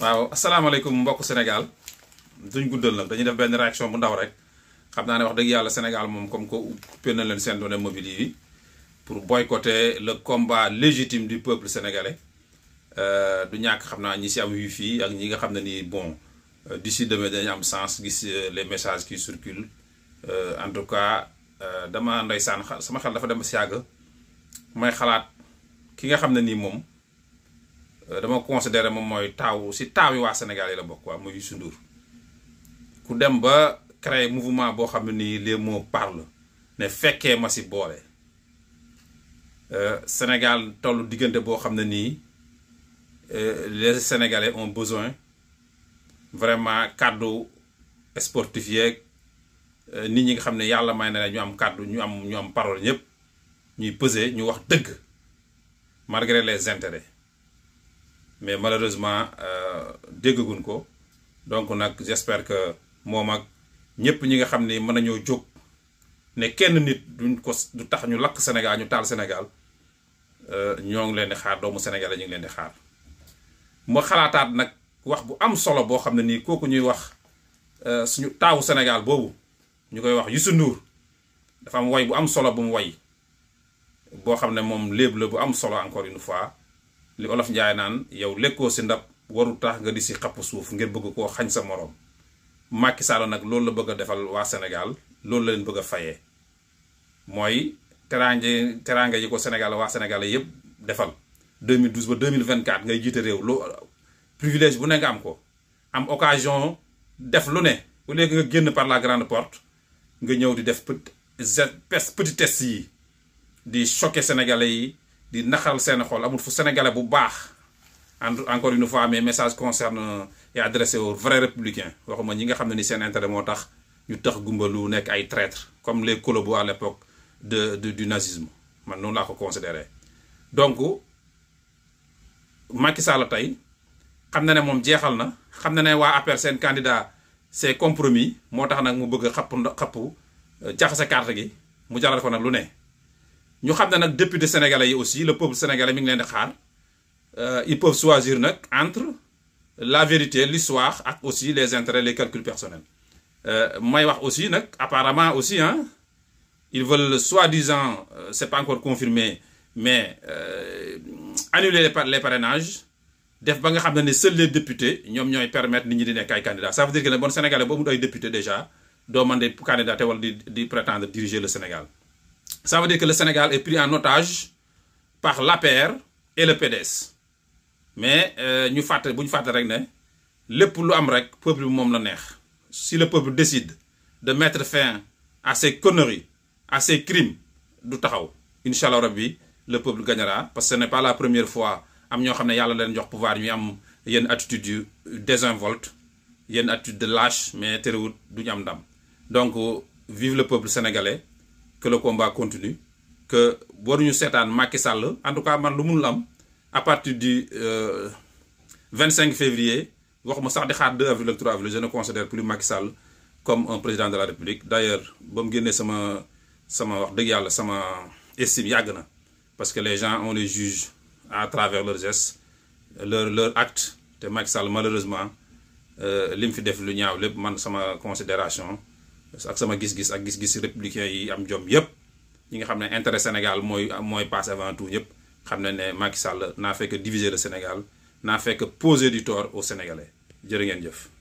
waaw asalaamaaleykum mbok Sénégal duñ guddal nag dañuy def ben réaction bu ndaw rek Xamna naa wax deug Yalla Sénégal mom comme ko coupé na données mobiles yi pour boycotter le combat légitime du peuple sénégalais euh, du ñak xamna ñi ci am fi ak ñi nga xam bon euh, d'ici demain dañ am sens gis euh, les messages qui circulent en tout cas dama ndeysaan sama xel dafa dem siaga may xalat ki nga xam ne euh, dama considéré mom moy taw si taaw yi waa Sénégal yi la bok waa moy Youssou Ndour ku dem ba créer mouvement bo xam les mots parlent ne féké ma si euh Sénégal tollu diggante bo xam ne nii euh, les Sénégalais ont besoin vraiment cadeau sportif yeeg euh, nit ñi nga xam ne may na ñu am cadeau ñu am ñu am parole ñëpp ñuy peser ñu wax deug malgré les intérêts mais malheureusement euh, déggaguñ ko donc nag j'espère que moom ak ñépp ñi nga xam ni mën nañoo jóg ne kenn nit duñ ko du tax ñu lakk Sénégal ñu taal Sénégal euh, ñoo ngi leen di xaar doomu Sénégal ñu ngi leen di xaar ma xalaataat nag wax bu am solo boo xam ne nii kooku ñuy wax euh, suñu taawu Sénégal boobu ñu koy wax Youssou nuur dafa am woy bu am solo bu mu woy boo xam ne moom léeb la bu am solo encore une fois li olof njaay naan yow lekkoo si ndab warul tax nga di si xapp suuf ngeen bëgg koo xañ sa moroom Macky Sall nag loolu la bëgg a defal waa Sénégal loolu la leen bëgg a fayee mooy teraange teraange yi ko Sénégal waa Sénégal yëpp defal 2012 ba deux vingt 2024 ngay jiite réew lu privilège bu ne nga am ko am occasion def lu ne au lieu que nga génn par la grande porte nga ñëw di def petit test yi di choquer sénégalais yi di naxal seen xol amul fu sénégalais bu baax encore une fois mes messages concerne et adressé aux vrais républicains waxuma ñi nga xam ne ni seen intérêt moo tax ñu tax gumbalu nekk ay traîtres comme les collabos à l'époque de du nazisme man noonu laa ko considéré donc Macky Sall tey xam na ne moom jeexal na xam na ne waa APR seen candidat c'est compromis moo tax nag mu bëgg a xapp xapp euh, jaxase carte gi mu jaral ko nag lu ne nous avons des députés sénégalais aussi le peuple sénégalais euh, ils peuvent choisir entre la vérité l'histoire et aussi les intérêts les calculs personnels euh, may wax aussi apparemment aussi hein, ils veulent soi-disant euh, ce n'est pas encore confirmé mais annuler les parrainages def ba nga seuls les députés ñoom ñooy permettre nit candidats ça veut dire que le bon sénégalais beaucoup ay député déjà demandent mën candidater wala prétendre diriger le Sénégal ça veut dire que le Sénégal est pris en otage par l'APR et le PDS. Mais euh, ñu fàtte bu règne. le rek ne lu peuple si le peuple décide de mettre fin à ces conneries à ces crimes du taxaw rabbi le peuple gagnera parce que ce n'est pas la première fois am ñoo xamné ne yàlla jox pouvoir ñu am yenn attitude désinvolte une attitude de lâche mais terewut du ñu am ndam donc vive le peuple sénégalais que le combat continue que waruñu seetaan Macky Sall en tout cas man lu à partir du 25 euh, février waxuma sax je ne considère plus Macky Sall comme un président de la République d'ailleurs je mu suis sama sama wax parce que les gens on les juge à travers leurs gestes leurs leur actes de Macky Sall malheureusement euh, mu fi def lu ñaaw considération ak sama gis-gis ak gis-gis républicain yi am jom yépp ñi nga xam ne intérêt Sénégal mooy mooy passe avant tout ñëpp xam ne ne Macky Sall naa fekk diviser le Sénégal naa fekk poser du tort aux Sénégalais jërë ngeen jëf